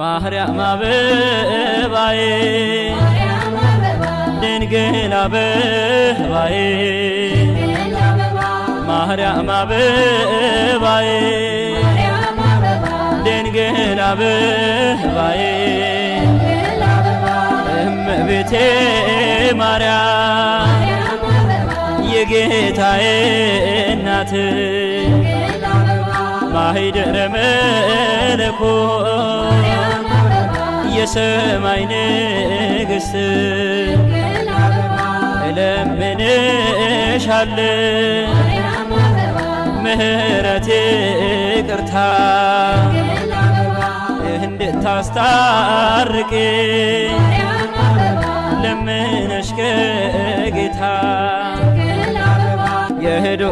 ማርያም አበባዬ ድንግል አበባዬ ማርያም አበባዬ ድንግል አበባዬ እመቤቴ ማርያም የጌታዬ እናት ማሂደረ መለኮት የሰማይ ንግሥት እለምንሻል ምህረት ይቅርታ እንድታስታርቂ ለምነሽ ከጌታ የሄዶ